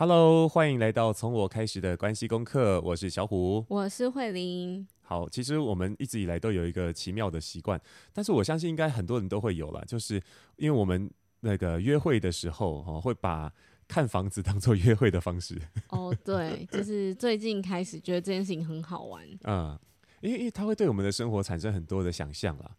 Hello，歡迎來到從我開始的關係功課。我是小虎，我是慧玲。好，其實我們一直以來都有一個奇妙的習慣，但是我相信應該很多人都會有了，就是因為我們那個約會的時候哈、哦，會把看房子當做約會的方式。哦、oh，對，就是最近開始覺得這件事情很好玩。 嗯，因為因為它會對我們的生活產生很多的想象了。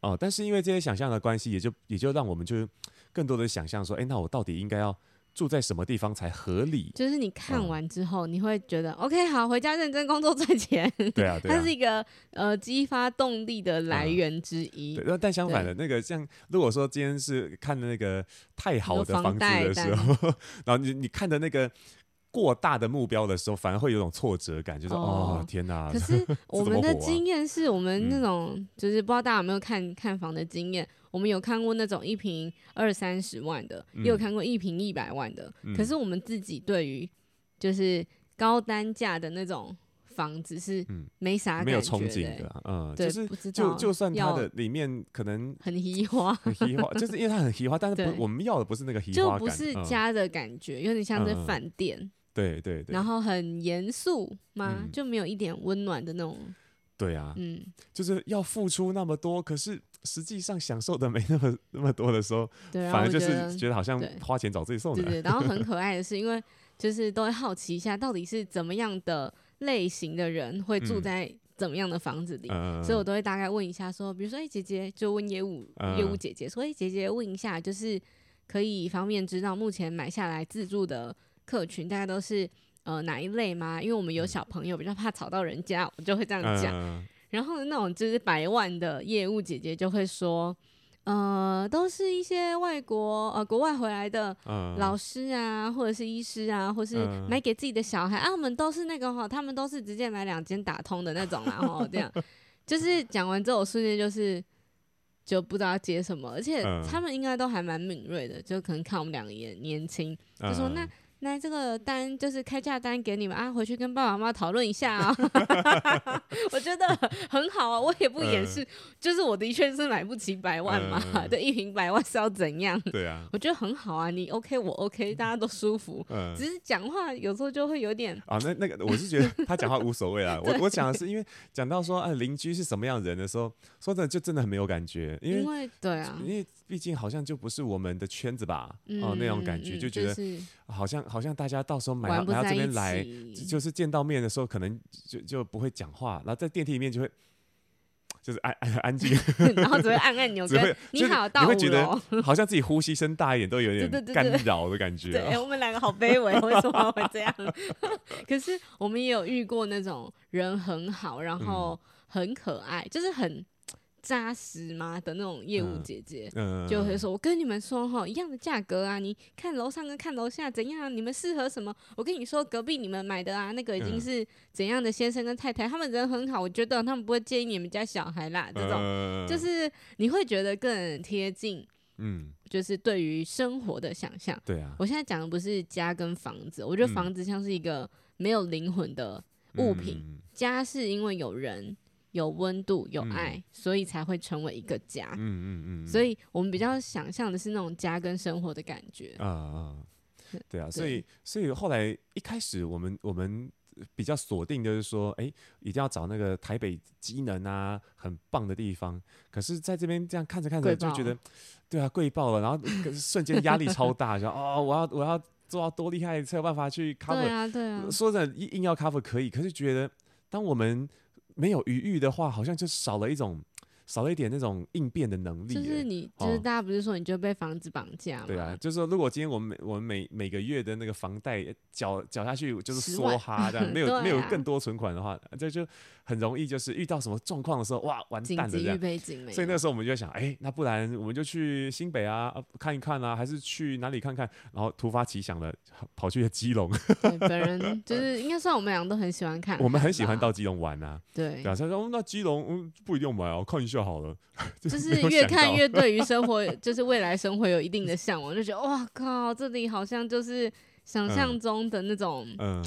哦，但是因為這些想象的關係，也就也就讓我們就更多的想象說，哎，那我到底應該要。住在什麼地方才合理？就是你看完之後，嗯、你會覺得 OK，好，回家認真工作賺錢、啊。對啊，它是一個呃激發動力的來源之一。嗯、對，但相反的，那個像如果說今天是看的那個太好的房子的時候，然後你你看的那個過大的目標的時候，反而會有種挫折感，就是哦，哦天哪！可是， 是、啊、我們的經驗是我們那種、嗯，就是不知道大家有沒有看看房的經驗。我們有看過那種一平二三十萬的，嗯、也有看過一平一百萬的、嗯。可是我們自己對於就是高單價的那種房子是沒啥感覺的、嗯、沒有憧憬的，欸、嗯，就是對就就算它的裡面可能很豪華，很豪華 就是因為它很豪華，但是不我們要的不是那個豪華感，就不是家的感覺，嗯、有點像是飯店、嗯，對對對，然後很嚴肅嗎、嗯？就沒有一點溫暖的那種，對啊。嗯，就是要付出那麼多，可是。實際上享受的沒那麼那麼多的時候，對、啊，反而就是覺得好像花錢找自己受。的。對的，然後很可愛的是， 因為就是都會好奇一下，到底是怎麼樣的類型的人會住在怎麼樣的房子裡，嗯呃、所以我都會大概問一下，說，比如說，哎、欸，姐姐，就問業務業務姐姐，說，哎、欸，姐姐，問一下，就是可以方便知道目前買下來自住的客群，大概都是呃哪一類嗎？因為我們有小朋友，比較怕吵到人家，嗯、我就會這樣講。呃然後那種就是百萬的業務姐姐就會說，呃，都是一些外國呃國外回來的老師啊，或者是醫師啊，或是買給自己的小孩、呃、啊，我們都是那個哈，他們都是直接買兩間打通的那種然後 這樣，就是講完之後，我瞬間就是就不知道接什麼，而且他們應該都還蠻敏銳的，就可能看我們兩個也年輕，就說那。呃那這個單就是開價單給你們啊，回去跟爸爸媽媽討論一下啊。 我覺得很好啊，我也不掩飾、呃，就是我的確是買不起百萬嘛，這、呃、一坪百萬是要怎樣、嗯？對啊，我覺得很好啊，你 OK，我 OK，大家都舒服。嗯、只是講話有時候就會有點。啊，那那個，我是覺得他講話無所謂啦、啊。 我我講的是，因為講到說啊，鄰居是什麼樣的人的時候，說真的就真的很沒有感覺。因為，因為對啊。因為。畢竟好像就不是我們的圈子吧，嗯、哦，那種感覺就覺得、就是、好像好像大家到時候買到不買到這邊來就，就是見到面的時候可能就就不會講話，然後在電梯裡面就會就是、啊啊、安安安靜， 然後只會按按鈕，只會你好到我，你會覺得好像自己呼吸聲大一點都有點干擾的感覺。對，對，對，對，對，我們兩個好卑微， 為什麼會這樣？ 可是我們也有遇過那種人很好，然後很可愛，嗯、就是很。扎實嗎的那種業務姐姐，嗯嗯、就會、是、說：“我跟你們說哈，一樣的價格啊，你看樓上跟看樓下怎樣？你們適合什麼？我跟你說，隔壁你們買的啊，那個已經是怎樣的先生跟太太，嗯、他們人很好，我覺得他們不會介意你們家小孩啦。嗯、這種就是你會覺得更貼近，嗯，就是對於生活的想象。對啊，我現在講的不是家跟房子，我覺得房子像是一個沒有靈魂的物品、嗯，家是因為有人。”有溫度、有愛、嗯，所以才會成為一個家。嗯嗯嗯。所以我們比較想象的是那種家跟生活的感覺。啊，啊，啊對，對啊，所以所以後來一開始，我們我們比較鎖定就是說，哎、欸，一定要找那個台北機能啊，很棒的地方。可是在這邊這樣看着看着就覺得，對啊，貴爆了。然後可是瞬間壓力超大， 就哦，我要我要做到多厲害才有辦法去 cover。對啊對啊。說着硬硬要 cover 可以，可是覺得當我們。沒有餘裕的話，好像就少了一種。少了一點那種應變的能力、欸，就是你，就是大家不是說你就被房子綁架嗎？哦、對啊，就是說如果今天我們每我們每每個月的那個房貸繳繳下去，就是梭哈這樣，沒有、 啊、沒有更多存款的話，這就，就很容易就是遇到什麼狀況的時候，哇完蛋了這樣。所以那時候我們就想，哎、欸，那不然我們就去新北啊，啊，看一看啊，還是去哪裡看看？然後突發奇想的跑去了基隆對。本人就是 應該算我們兩個都很喜歡看，我們很喜歡到基隆玩啊。對，倆他、啊、說，那基隆不一定玩哦，我看一下。好了就，就是越看越對於生活， 就是未來生活有一定的嚮往，就覺得哇靠，這裡好像就是想象中的那種、嗯，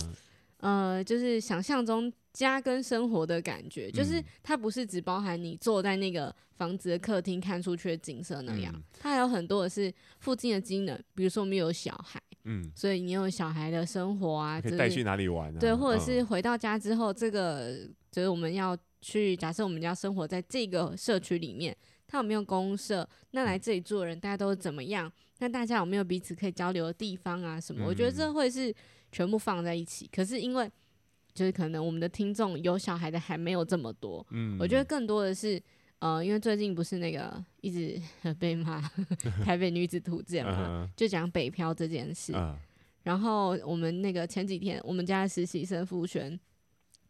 呃，就是想象中家跟生活的感覺，就是它不是只包含你坐在那個房子的客廳看出去的景色那樣、嗯，它還有很多的是附近的機能，比如說我們有小孩，嗯，所以你有小孩的生活啊，就是、可以帶去哪裡玩、啊，對，或者是回到家之後，這個就是我們要。去假設我們家生活在這個社區裡面，他有沒有公設？那來這裡住的人，大家都是怎麼樣？那大家有沒有彼此可以交流的地方啊？什麼、嗯？我覺得這會是全部放在一起。可是因為就是可能我們的聽眾有小孩的還沒有這麼多。嗯、我覺得更多的是呃，因為最近不是那個一直很被罵 台北女子圖鑑嘛，呵呵就講北漂這件事呵呵。然後我們那個前幾天，我們家實習生傅璇。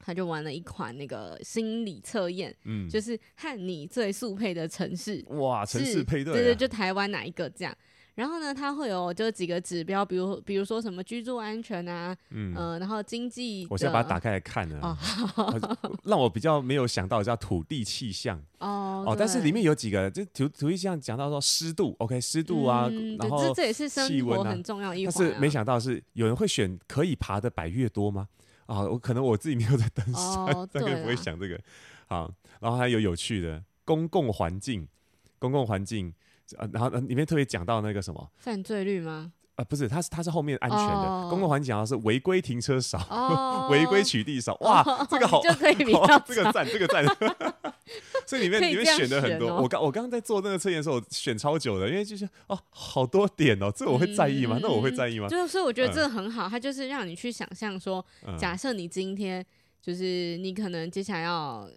他就玩了一款那個心理測驗，嗯，就是和你最速配的城市，哇，城市配對，對對，就是就是、台灣哪一個這樣？然後呢，它會有就幾個指標，比如比如說什麼居住安全啊，嗯，呃、然後經濟，我現在把它打開來看呢，哦啊、 讓我比較沒有想到叫土地氣象，哦哦，但是裡面有幾個，就土土地氣象講到說濕度，OK，濕度啊，嗯、然後氣溫、啊、這也是生活很重要一環、啊，但是沒想到是有人會選可以爬的百岳多嗎？啊、哦，我可能我自己沒有在登山，Oh, 大概不會想這個、啊。好，然後還有有趣的公共環境，公共環境、呃，然後裡面特別講到那個什麼犯罪率嗎？啊、呃，不是，它是它是後面安全的、oh. 公共環境，好像是違規停車少，違、oh. 規取締少。哇，oh. Oh. 這個好、哦，這個讚，這個讚。 所以裡面你會選的很多，我剛我剛剛在做那個測驗的時候我選超久的，因為就是哦，好多點哦，這個、我會在意嗎、嗯？那我會在意嗎？就是我覺得這個很好，嗯、它就是讓你去想象說、嗯，假設你今天就是你可能接下來要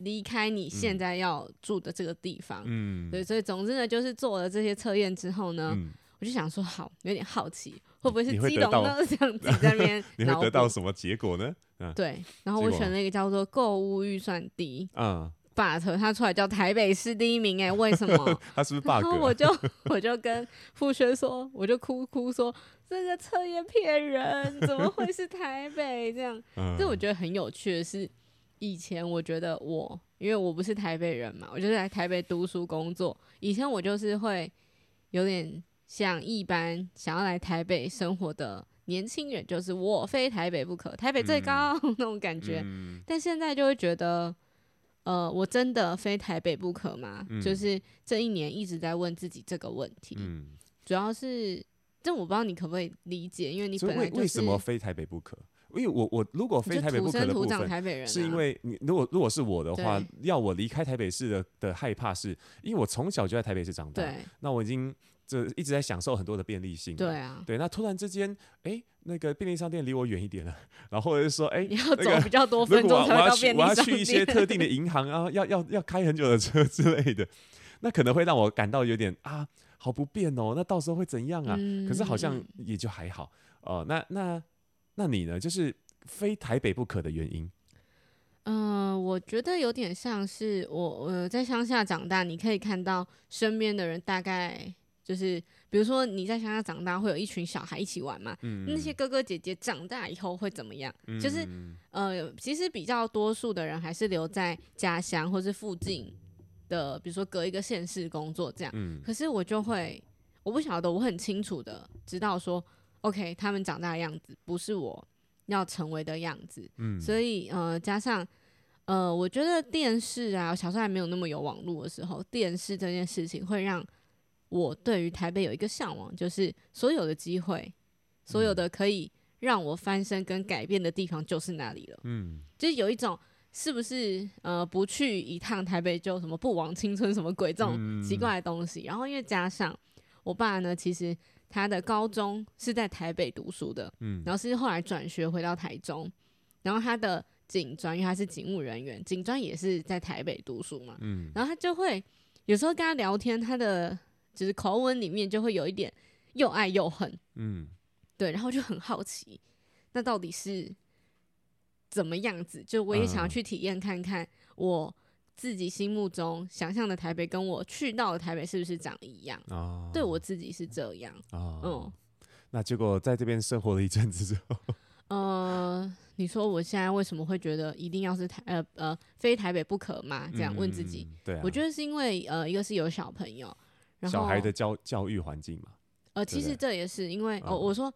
離開你現在要住的這個地方，嗯，對，所以總之呢，就是做了這些測驗之後呢。嗯我就想說，好，有點好奇，會不會是基隆呢？這樣子在那，這邊你會得到什麼結果呢？啊？對。然後我選了一個叫做購物預算低，嗯，but 他出來叫台北市第一名，欸，哎，為什麼？ 他是不是、bug? 然後我就我就跟傅軒說，我就哭哭說，這個測驗騙人，怎麼會是台北？這樣，嗯，這我覺得很有趣的是，以前我覺得我因為我不是台北人嘛，我就是在台北讀書工作。以前我就是會有點。像一般想要來台北生活的年輕人，就是我非台北不可，台北最高那種感覺、嗯嗯。但現在就會覺得，呃，我真的非台北不可嗎？嗯、就是這一年一直在問自己這個問題。嗯、主要是，這我不知道你可不可以理解，因為你本來、就是、為，為什麼非台北不可？因為我我如果非台北不可的部分，土生土長台北人是因為你如果如果是我的話，要我離開台北市的的害怕是，是因為我從小就在台北市長大。那我已經。就一直在享受很多的便利性，啊。對啊，對，那突然之間，哎、欸，那個便利商店離我遠一點了，然後我就說，哎、欸，你要走比較多分鐘才會到便利商店我我，我要去一些特定的銀行啊， 要要要開很久的車之類的，那可能會讓我感到有點啊，好不便哦。那到時候會怎樣啊？嗯、可是好像也就還好哦、呃。那那那你呢？就是非台北不可的原因？嗯、呃，我覺得有點像是我我、呃、在鄉下長大，你可以看到身邊的人大概。就是比如說你在鄉下長大會有一群小孩一起玩嘛、嗯，那些哥哥姐姐長大以後會怎麼樣？嗯、就是呃，其實比較多數的人還是留在家鄉或是附近的，比如說隔一個縣市工作這樣、嗯。可是我就會，我不曉得，我很清楚的知道說，OK，他們長大的樣子不是我要成為的樣子，嗯、所以呃，加上呃，我覺得電視啊，我小時候還沒有那麼有網絡的時候，電視這件事情會讓。我對於台北有一個嚮往，就是所有的機會，所有的可以讓我翻身跟改變的地方，就是那裡了。嗯，就是有一種是不是呃不去一趟台北就什麼不枉青春什麼鬼這種奇怪的東西。然後因為加上我爸呢，其實他的高中是在台北讀書的，嗯，然後是後來轉學回到台中，然後他的警專，因為他是警務人員，警專也是在台北讀書嘛，嗯，然後他就會有時候跟他聊天，他的。就是口吻裡面就會有一點又愛又恨，嗯，對，然後就很好奇，那到底是怎麼樣子？就我也想要去體驗看看，我自己心目中想象的台北，跟我去到的台北是不是長一樣？哦，對我自己是這樣哦，嗯，那結果在這邊生活了一陣子之後，呃，你說我現在為什麼會覺得一定要是台呃呃非台北不可嘛？這樣問自己，嗯、對、啊，我覺得是因為呃一個是有小朋友。小孩的教教育環境嘛，呃對對，其實這也是因為哦，我說，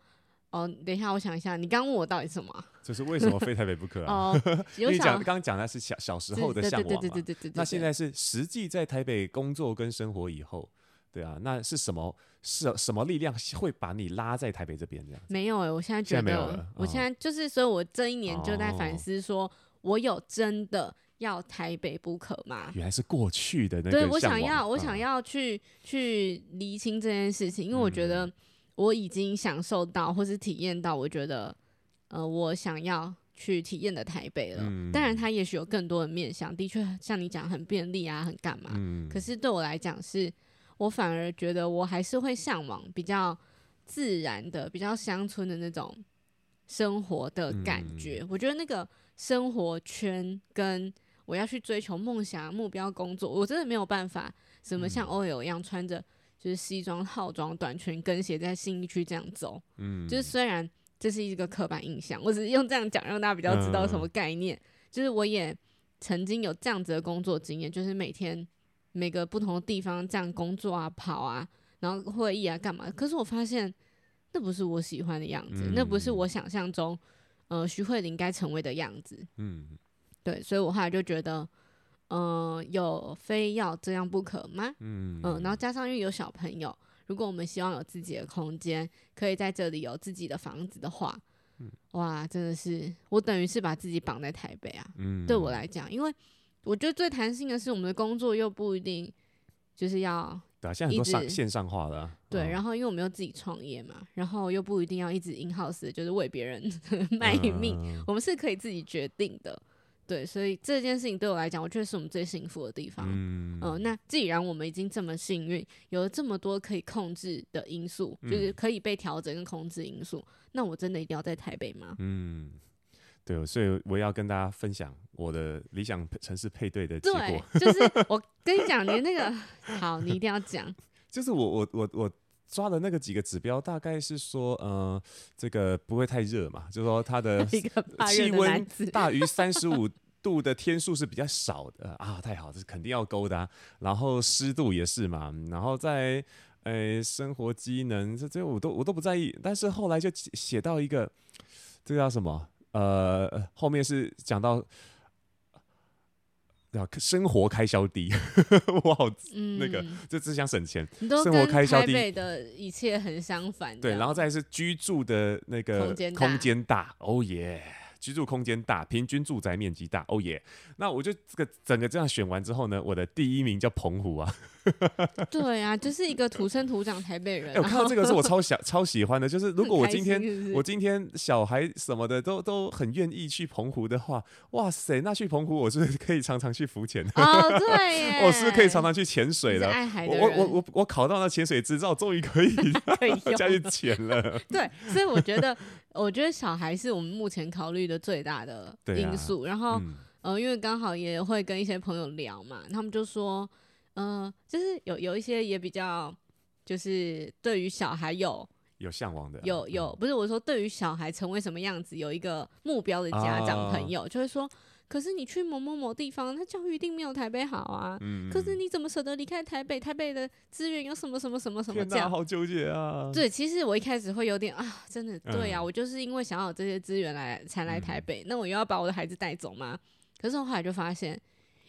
哦，等一下，我想一下，你剛問我到底什麼、啊，就是為什麼非台北不可啊？因 為、呃、有 講剛剛講的是小小時候的向往對,對,對,對,對,對對對對對。那現在是實際在台北工作跟生活以後，對啊，那是什麼？是什麼力量會把你拉在台北這邊？這樣沒有、欸、我現在覺得現在沒有了、哦。我現在就是，所以我這一年就在反思說。哦我有真的要台北不可嗎？原來是過去的那個。對我想要，我想要去去釐清這件事情、嗯，因為我覺得我已經享受到或是體驗到，我覺得呃，我想要去體驗的台北了。嗯、當然，它也許有更多的面向，的確像你講很便利啊，很幹嘛、嗯。可是對我來講，是我反而覺得我還是會向往比較自然的、比較鄉村的那種生活的感覺。嗯、我覺得那個。生活圈跟我要去追求夢想目標工作，我真的沒有辦法，什麼像 OL 一樣穿着就是西裝套裝短裙跟鞋在信義區這樣走，嗯，就是雖然這是一個刻板印象，我只是用這樣講讓大家比較知道什麼概念，就是我也曾經有這樣子的工作經驗，就是每天每個不同的地方這樣工作啊跑啊，然後會議啊幹嘛，可是我發現那不是我喜歡的樣子，那不是我想象中。呃，徐慧玲該成為的樣子，嗯，對，所以我後來就覺得，呃，有非要這樣不可嗎？嗯、呃、然後加上因為有小朋友，如果我們希望有自己的空間，可以在這裡有自己的房子的話，嗯，哇，真的是我等於是把自己綁在台北啊，嗯、對我來講，因為我覺得最彈性的是我們的工作又不一定。就是要一直上線上化的、啊、對，然後因為我們又自己創業嘛，然後又不一定要一直 in house，就是為別人呵呵賣命、呃，我們是可以自己決定的。對，所以這件事情對我來講，我覺得是我們最幸福的地方。嗯，呃、那既然我們已經這麼幸運，有了這麼多可以控制的因素，就是可以被調整跟控制因素、嗯，那我真的一定要在台北嗎？嗯。對，所以我要跟大家分享我的理想城市配對的結果。對，就是我跟你講，你那個好，你一定要講。就是我我我我抓的那個幾個指標，大概是說，呃，這個不會太熱嘛，就是說它的氣溫大於三十五度的天數是比較少的、呃、啊，太好，這是肯定要勾的、啊。然後濕度也是嘛，然後在呃生活機能這這我都我都不在意，但是後來就寫到一個，這叫什麼？呃，後面是講到生活開銷低呵呵，我好、嗯、那個就只想省錢。生活開銷低的一切很相反，對，然後再是居住的那個空間，空間大，哦耶。居住空間大，平均住宅面積大。哦、oh、耶、yeah！那我就這個整個這樣選完之後呢，我的第一名叫澎湖啊。 對啊，就是一個土生土長台北人。欸、我看到這個是我超想 超喜歡的，就是如果我今天是是我今天小孩什麼的都都很願意去澎湖的話，哇塞！那去澎湖我是可以常常去浮潛。的、oh, 對 我是可以常常去潛水了的。愛海的人，我我我我考到那潛水執照，終於可以 可以下去潛了。 對，所以我覺得。 我覺得小孩是我們目前考慮的最大的因素。啊、然後、嗯，呃，因為剛好也會跟一些朋友聊嘛，他們就說，呃，就是有有一些也比較，就是對於小孩有有嚮往的、啊，有有、嗯、不是我說對於小孩成為什麼樣子有一個目標的家長朋友，啊、就是說。可是你去某某某地方，他教育一定沒有台北好啊。嗯、可是你怎麼捨得離開台北？台北的資源有什麼什麼什麼什麼的？天哪，好糾結啊。對，其實我一開始會有點啊，真的對啊、嗯。我就是因為想要有這些資源來才來台北、嗯。那我又要把我的孩子帶走嗎？可是我後來就發現，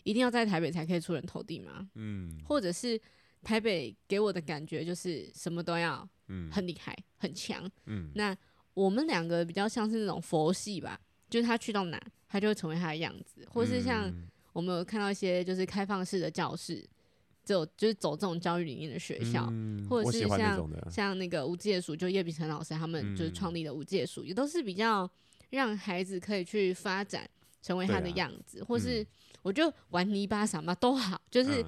一定要在台北才可以出人頭地嗎？嗯。或者是台北給我的感覺就是什麼都要，很厲害，很強，嗯。那我們兩個比較像是那種佛系吧。就是他去到哪，他就會成為他的樣子，或是像我們有看到一些就是開放式的教室，就就是走這種教育理念的學校，嗯、或者是像那像那個無界塾，就葉丙成老師他們就是創立的無界塾、嗯，也都是比較讓孩子可以去發展成為他的樣子，啊、或是我就玩泥巴什麼都好，就是。嗯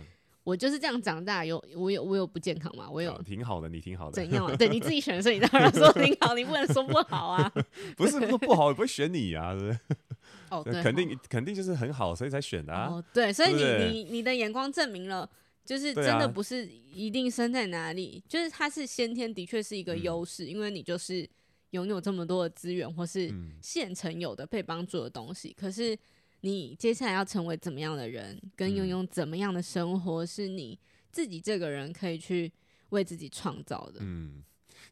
我就是這樣長大，有我有我有不健康嘛？我有挺好的，你挺好的，怎樣？對，你自己選的，所以你當然說挺好， 你不能說不好啊。 不是，不是說不好 也不會選你啊，對不對？哦，對， 肯定肯定就是很好，所以才選的啊。哦、對，對，對，所以你你你的眼光證明了，就是真的不是一定生在哪裡，啊、就是他是先天的確是一個優勢、嗯，因為你就是擁有這麼多的資源，或是現成有的被幫助的東西，嗯、可是。你接下來要成為怎麼樣的人，跟擁有怎麼樣的生活，嗯，是你自己這個人可以去為自己創造的。嗯，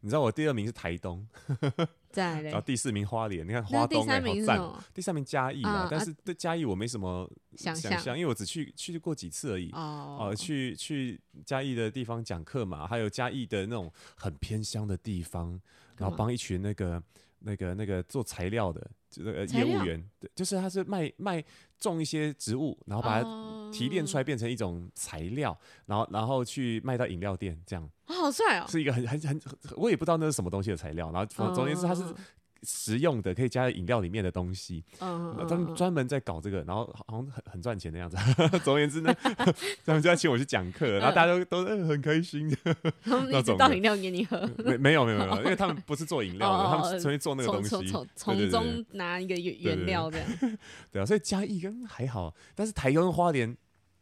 你知道我第二名是台東，呵呵在然後第四名花蓮，你看花東哎、欸，好讚。第三名嘉義嘛，啊，但是對嘉義我沒什麼想象，啊啊，因為我只去去過幾次而已。哦、啊、去去嘉義的地方講課嘛，還有嘉義的那種很偏鄉的地方，然後幫一群那個。嗯那個那個做材料的，就那個業務員對，就是他是賣賣種一些植物，然後把它提煉出來變成一種材料，呃、然後然後去賣到飲料店，這樣。哦、好帥哦！是一個很很很，我也不知道那是什麼東西的材料，然後，總之是他是。呃實用的可以加在飲料裡面的東西，oh, oh, oh, oh. 他們專門在搞這個，然後好像很很賺錢的樣子。 總而言之呢， 他們就要請我去講課，然後大家都都、嗯欸、很開心的。他們一直倒飲料給你喝。沒沒有沒有沒有，沒有沒有沒有 因為他們不是做飲料的，oh, oh, oh, 他們是專做那個東西，從中拿一個原原料這樣。對,對,對,對, 對啊，所以加一根還好，但是台東花蓮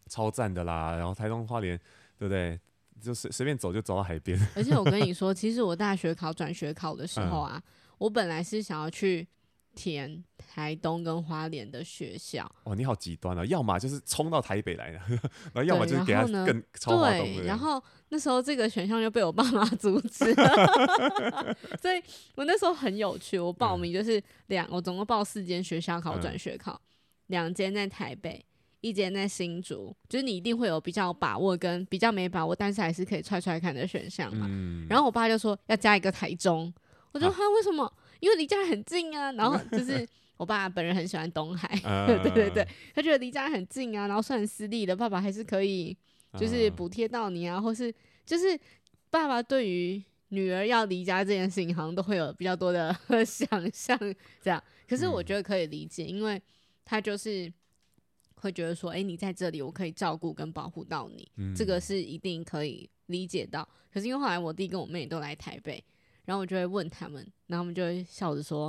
超讚的啦。然後台東花蓮，對不對？就隨隨便走就走到海邊。而且我跟你說， 其實我大學考轉學考的時候啊。嗯我本來是想要去填台東跟花蓮的學校。哦，你好極端哦。要麼就是衝到台北來了，呵呵，然後要麼就是給他更超東西。對，然後，對對然後那時候這個選項就被我爸媽阻止了。 所以我那時候很有趣，我報名就是兩，嗯、我總共報四間學校考轉、嗯、學考，兩間在台北，一間在新竹，就是你一定會有比較把握跟比較沒把握，但是還是可以踹踹看的選項嘛、嗯。然後我爸就說要加一個台中。我說他為什麼？啊、因為離家很近啊，然後就是我爸本人很喜歡東海， 對對對，他覺得離家很近啊，然後算私立的，爸爸還是可以就是補貼到你啊,啊，或是就是爸爸對於女兒要離家這件事情，好像都會有比較多的想象這樣。可是我覺得可以理解，嗯、因為他就是會覺得說，哎、欸，你在這裡，我可以照顧跟保護到你、嗯，這個是一定可以理解到。可是因為後來我弟跟我妹都來台北。然後我就會問他們，然後他們就會笑着說：“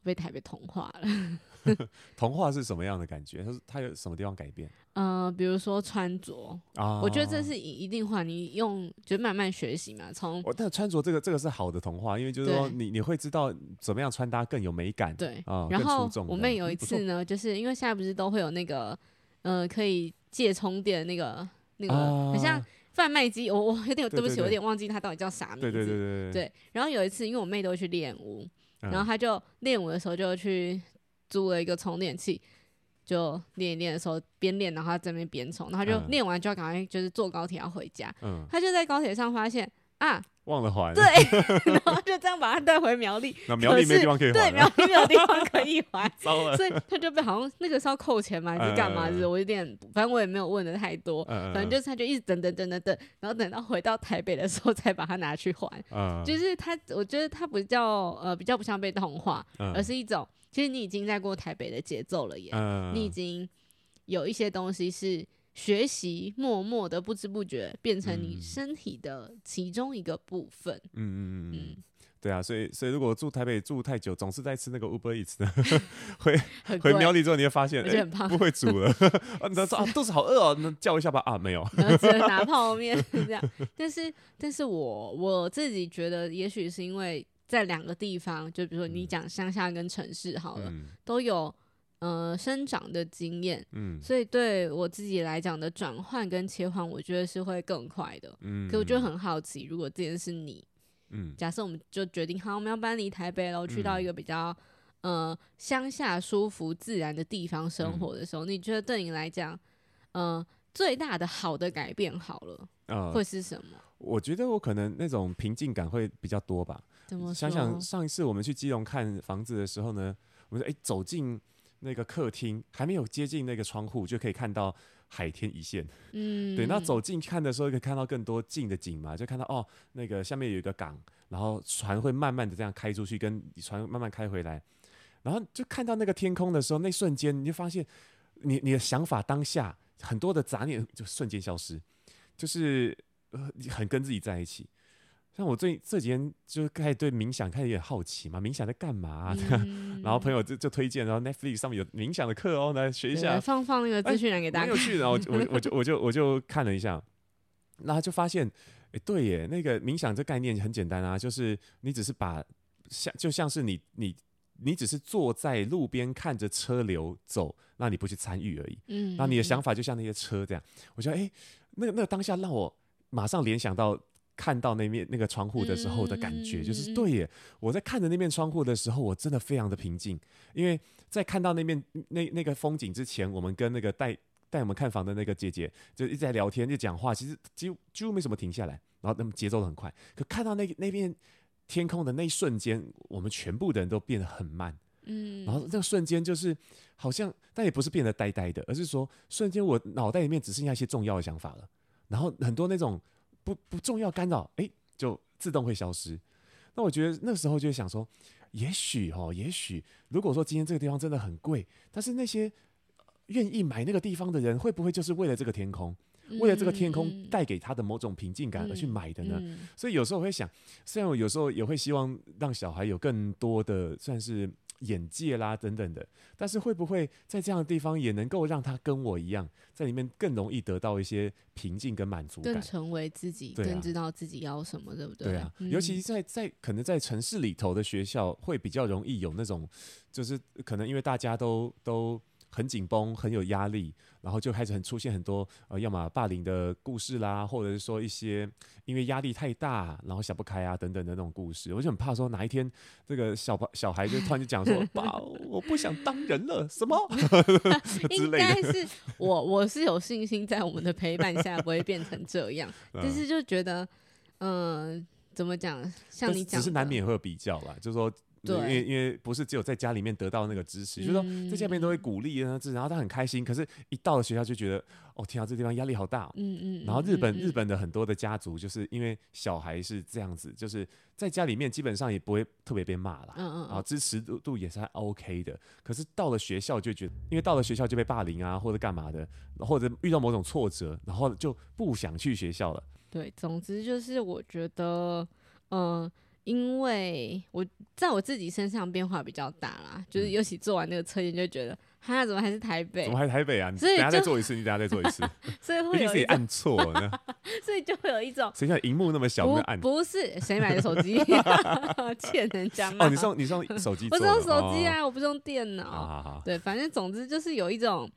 我被台北同化了。 ” 同化是什麼樣的感覺？他他有什麼地方改變？呃，比如說穿着啊，我覺得這是一定話，你用就慢慢學習嘛，從我、哦、但穿着這個這個是好的同化，因為就是說你你會知道怎麼樣穿搭更有美感。對、呃、然後我妹有一次呢，就是因為現在不是都會有那個呃，可以借充電那個那個、啊、很像。販賣機，我、哦、我有點對不起對對對，我有點忘記它到底叫啥名字。對對對對,對,對,對，然後有一次，因為我妹都去練舞，嗯、然後她就練舞的時候就去租了一個充電器，就練一練的時候邊練，然後在那邊邊充，然後她就練完就要趕快就是坐高鐵要回家。嗯、她就在高鐵上發現啊。忘了還，對，然後就這樣把他帶回苗栗。 那苗栗沒地方可以還，可是。對，苗栗沒有地方可以還。 糟了。所以他就被好像那個時候扣錢嘛，還是幹嘛？嗯、我有點，反正我也沒有問的太多，嗯。反正就是他就一直等等等等等，然後等到回到台北的時候才把它拿去還，嗯。就是他，我覺得他比較呃比較不像被同化，嗯，而是一種其實你已經在過台北的節奏了耶，嗯。你已經有一些東西是。學習默默的不知不覺變成你身體的其中一個部分。嗯嗯嗯嗯，對啊，所以所以如果住台北住太久，總是在吃那個 Uber Eats 的，呵呵回回苗栗之後，你會發現而且很胖、欸、不會煮了。 啊、你說啊，肚子好餓哦、啊，那叫一下吧啊，沒有，然後只能拿泡麵 這樣。但是但是我我自己覺得，也許是因為在兩個地方，就比如說你講鄉下跟城市好了，嗯、都有。呃，生長的經驗，嗯，所以對我自己來講的轉換跟切換，我覺得是會更快的，嗯。可我就很好奇，如果今天是你，嗯，假設我們就決定好，我們要搬離台北然後去到一個比較、嗯、呃鄉下、舒服、自然的地方生活的時候、嗯，你覺得對你來講，呃，最大的好的改變，好了，呃，會是什麼？我覺得我可能那種平靜感會比較多吧。怎麼想想上一次我們去基隆看房子的時候呢，我說哎，走進。那個客廳還沒有接近那個窗戶，就可以看到海天一線。嗯，對。那走近看的時候，可以看到更多近的景嘛，就看到哦，那個下面有一個港，然後船會慢慢的這樣開出去，跟船慢慢開回來，然後就看到那個天空的時候，那瞬間你就發現你，你你的想法當下很多的雜念就瞬間消失，就是呃，很跟自己在一起。像我最近這幾天就開始對冥想開始有點好奇嘛，冥想在幹嘛、啊？嗯、 然後朋友就就推薦，然後 Netflix 上面有冥想的課哦，來學一下。放放那個資訊欄給大家。很、欸、有趣、哦，然 後我我就我就我就看了一下，然後就發現、欸，對耶，那個冥想這概念很簡單啊，就是你只是把像就像是你你你只是坐在路邊看着車流走，那你不去參與而已。嗯。那你的想法就像那些車這樣，嗯、我覺得哎，那個那個當下讓我馬上聯想到。看到那面那個窗戶的時候的感覺、嗯嗯，就是對耶！我在看着那面窗戶的時候，我真的非常的平靜。因為在看到那面那那個風景之前，我們跟那個帶帶我們看房的那個姐姐就一直在聊天，就講話，其實幾乎幾乎沒什麼停下來。然後那麼節奏很快，可看到那那面天空的那一瞬間，我們全部的人都變得很慢。嗯，然後那個瞬間就是好像，但也不是變得呆呆的，而是說瞬間我腦袋裡面只剩下一些重要的想法了，然後很多那種。不不重要干擾，誒就自動會消失。那我覺得那時候就會想說，也許哈、哦，也許如果說今天這個地方真的很貴，但是那些願意買那個地方的人，會不會就是為了這個天空，嗯、為了這個天空帶給他的某種平靜感而去買的呢？嗯嗯、所以有時候我會想，雖然我有時候也會希望讓小孩有更多的算是。眼界啦，等等的，但是會不會在這樣的地方也能夠讓他跟我一樣，在裡面更容易得到一些平靜跟滿足感，更成為自己，啊，更知道自己要什麼，對不對？對啊，嗯、尤其在在可能在城市裡頭的學校，會比較容易有那種，就是可能因為大家都都。很緊繃，很有壓力，然後就開始很出現很多呃，要嘛霸凌的故事啦，或者是說一些因為壓力太大，然後想不開啊等等的那種故事。我就很怕說哪一天這個小朋小孩就突然就講說：“ 爸，我不想當人了，什麼之類的。” 應該是我，我是有信心在我們的陪伴下不會變成這樣，但、嗯、是就覺得，嗯、呃，怎麼講？像你講，只是難免會有比較吧，就是說。對，因為因為不是只有在家裡面得到那個支持，嗯、就是說在家裡面都會鼓勵啊，然後他很開心。可是，一到了學校就覺得，哦天啊，這地方壓力好大。啊。嗯嗯。然後日本、嗯、日本的很多的家族就是因為小孩是這樣子，就是在家裡面基本上也不會特別被罵啦，嗯嗯。然後支持度度也是還 OK 的，可是到了學校就覺得，因為到了學校就被霸凌啊，或者幹嘛的，或者遇到某種挫折，然後就不想去學校了。對，總之就是我覺得，嗯、呃。因為我在我自己身上變化比較大啦，就是尤其做完那個測驗，就覺得他、嗯啊、怎麼還是台北？怎麼還台北啊？你等下再做一次，你等下再做一次， 所以會有你自己按錯呢， 所以就會有一種，誰叫屏幕那麼小，不按不是誰買的手機， 欠人家嗎？哦，你用你用手機，我用手機啊。哦，我不用電腦。哦哦，對，反正總之就是有一種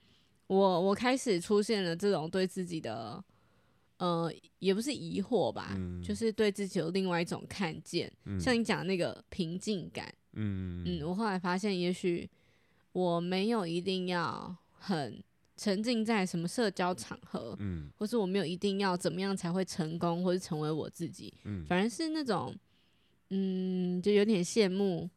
我，我我開始出現了這種對自己的。呃，也不是疑惑吧、嗯，就是對自己有另外一種看見，像你講的那個平靜感，嗯嗯，我後來發現，也許我沒有一定要很沉浸在什麼社交場合、嗯，或是我沒有一定要怎麼樣才會成功，或是成為我自己，嗯、反正是那種，嗯，就有點羨慕。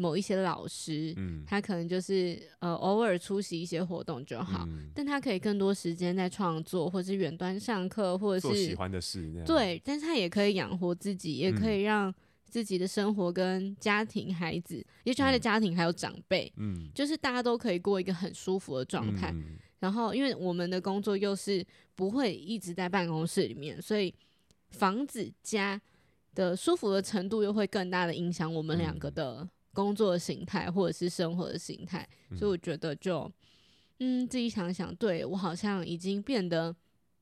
某一些老師，他可能就是呃偶爾出席一些活動就好，嗯、但他可以更多時間在創作，或是遠端上課，或者是做喜歡的事。對，但是他也可以養活自己，也可以讓自己的生活跟家庭、孩子，嗯、也許他的家庭還有長輩、嗯，就是大家都可以過一個很舒服的狀態。嗯。然後，因為我們的工作又是不會一直在辦公室裡面，所以房子家的舒服的程度又會更大的影響我們兩個的，工作的形態或者是生活的形態，所以我覺得就，嗯，自己想想，對，我好像已經變得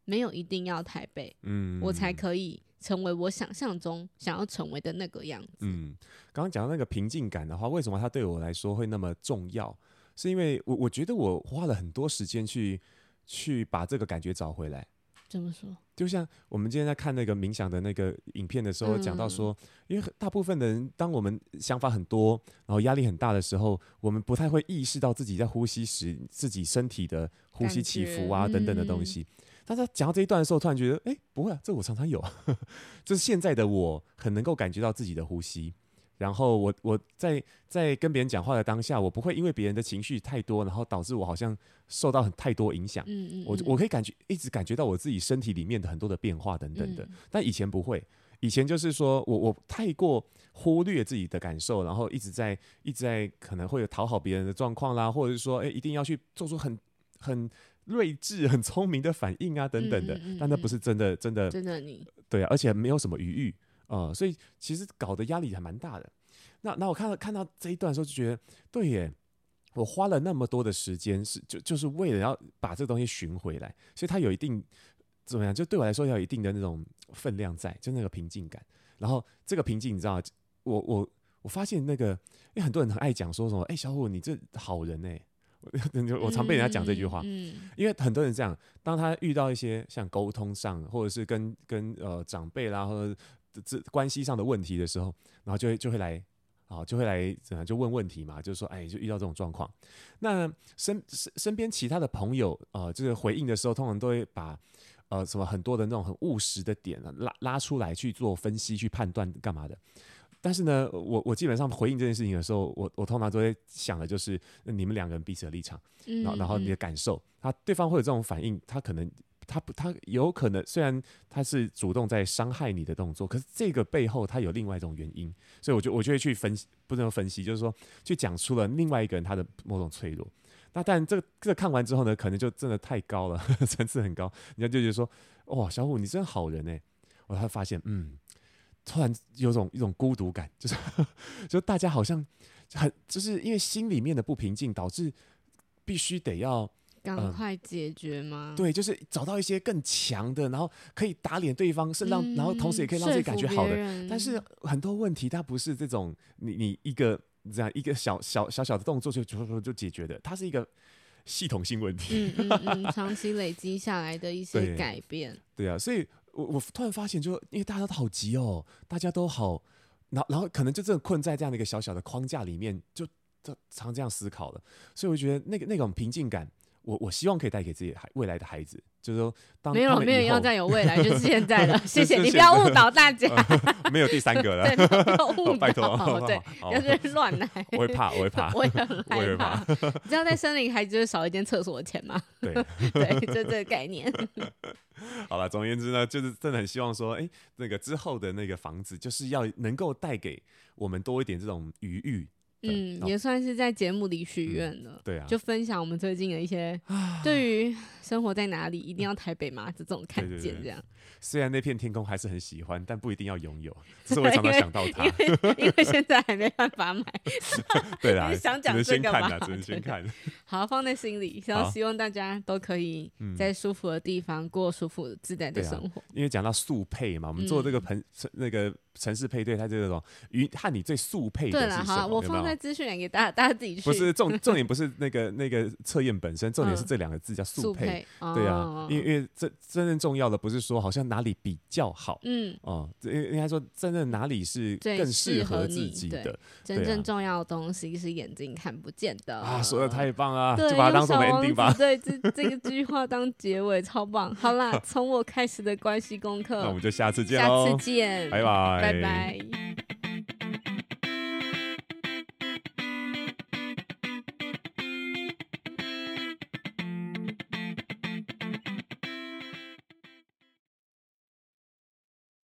沒有一定要台北，嗯，我才可以成為我想象中想要成為的那個樣子。嗯，剛剛講到那個平靜感的話，為什麼它對我來說會那麼重要？是因為我我覺得我花了很多時間去去把這個感覺找回來。怎麼說？就像我們今天在看那個冥想的那個影片的時候，講到說，因為大部分的人，當我們想法很多，然後壓力很大的時候，我們不太會意識到自己在呼吸時自己身體的呼吸起伏啊等等的東西。但在講到這一段的時候，突然覺得，哎，不會啊，這我常常有啊，呵呵，就是現在的我很能夠感覺到自己的呼吸。然後我我在在跟別人講話的當下，我不會因為別人的情緒太多，然後導致我好像受到很太多影響。嗯嗯、我我可以感覺一直感覺到我自己身體裡面的很多的變化等等的。嗯、但以前不會，以前就是說我我太過忽略自己的感受，然後一直在一直在可能會有討好別人的狀況啦，或者是說誒一定要去做出很很睿智，很聰明的反應啊等等的。嗯嗯嗯、但那不是真的，真的真的你。對啊，而且沒有什麼餘裕。哦、呃，所以其實搞得壓力還蠻大的。那那我看到看到這一段的時候，就覺得對耶，我花了那麼多的時間，是就就是為了要把這東西尋回來。所以它有一定怎麼樣，就對我來說，要有一定的那種分量在，就那個平靜感。然後這個平靜，你知道，我我我發現那個，因為很多人很愛講說什麼，哎、欸，小虎你這好人哎、欸，我常被人家講這句話。嗯，嗯，嗯、因為很多人這樣，當他遇到一些像溝通上，或者是跟跟呃長輩啦，或者這關係上的問題的時候，然後就就會來，啊，就會來，怎樣就，就問問題嘛，就是說，哎、欸，就遇到這種狀況。那身身身邊其他的朋友，呃，就是回應的時候，通常都會把，呃，什麼很多的那種很務實的點拉拉出來去做分析、去判斷幹嘛的。但是呢，我我基本上回應這件事情的時候，我我通常都會想的就是你們兩個人彼此的立場，嗯嗯，然後然後你的感受，他對方會有這種反應，他可能。他不，他有可能雖然他是主動在傷害你的動作，可是這個背後他有另外一種原因，所以我就我就會去分析，不能分析，就是說去講出了另外一個人他的某種脆弱。那但這個這個看完之後呢，可能就真的太高了，層次很高，人家就覺得說，哇，小虎你真好人欸。我才發現嗯，突然有種一種孤獨感，就是呵呵就大家好像很就是因為心裡面的不平靜導致必須得要。趕快解決嗎、嗯？對，就是找到一些更強的，然後可以打臉對方，是讓、嗯、然後同時也可以讓自己感覺好的。嗯、人但是很多問題它不是這種你你一個這樣一個小小小，小小的動作就就就解決的，它是一個系統性問題，嗯嗯，嗯，長期累積下來的一些改變。 對，對啊，所以我我突然發現就，就因為大家都好急哦，大家都好，然後然後可能就這種困在這樣的一個小小的框架裡面，就常常這樣思考了。所以我覺得那個那種平靜感。我我希望可以帶給自己孩未來的孩子，就是說當，沒有沒有要這樣有未來，就是現在了 謝謝是現在的。謝謝你，不要誤導大家、呃。沒有第三個了，不 要誤導。哦、拜託、哦，對，不要亂來、哦。我會怕，我會怕，我也很害怕。怕你知道在森林還就是少一間廁所的錢嗎？ 對 對，就這個概念。 好了，總而言之呢，就是真的很希望說，哎、欸，那個之後的那個房子，就是要能夠帶給我們多一點這種餘裕。嗯、哦，也算是在節目裡許願了、嗯。對啊，就分享我們最近的一些、啊、對於生活在哪裡，一定要台北嗎？嗯、這種看見這樣，對對對對。雖然那片天空還是很喜歡，但不一定要擁有。是我常常想到它，因為，呵呵，因為現在還沒辦法買。 對啊，是想講這個嘛，只能先看，只能先看。好，放在心裡。然後希望大家都可以在舒服的地方、嗯、過舒服自在的生活。啊、因為講到速配嘛，我們做這個城、嗯、那個城市配對，它就那種，與和你最速配的是什麼？對啦好有那資訊給大家，大家自己去。不是重重點，不是那個那個測驗本身，重點是這兩個字、嗯、叫速配。嗯、對啊，嗯、因為真真正重要的不是說好像哪裡比較好，嗯，哦、嗯，應應該說真正哪裡是更適合自己的。真正重要的東西是眼睛看不見的。的見的啊，啊，說得太棒了、啊，就把它當做 ending 吧。對，這這個句話當結尾超棒。好啦，從我開始的關係功課， 那我們就下次見嘍。下次見，拜拜拜拜。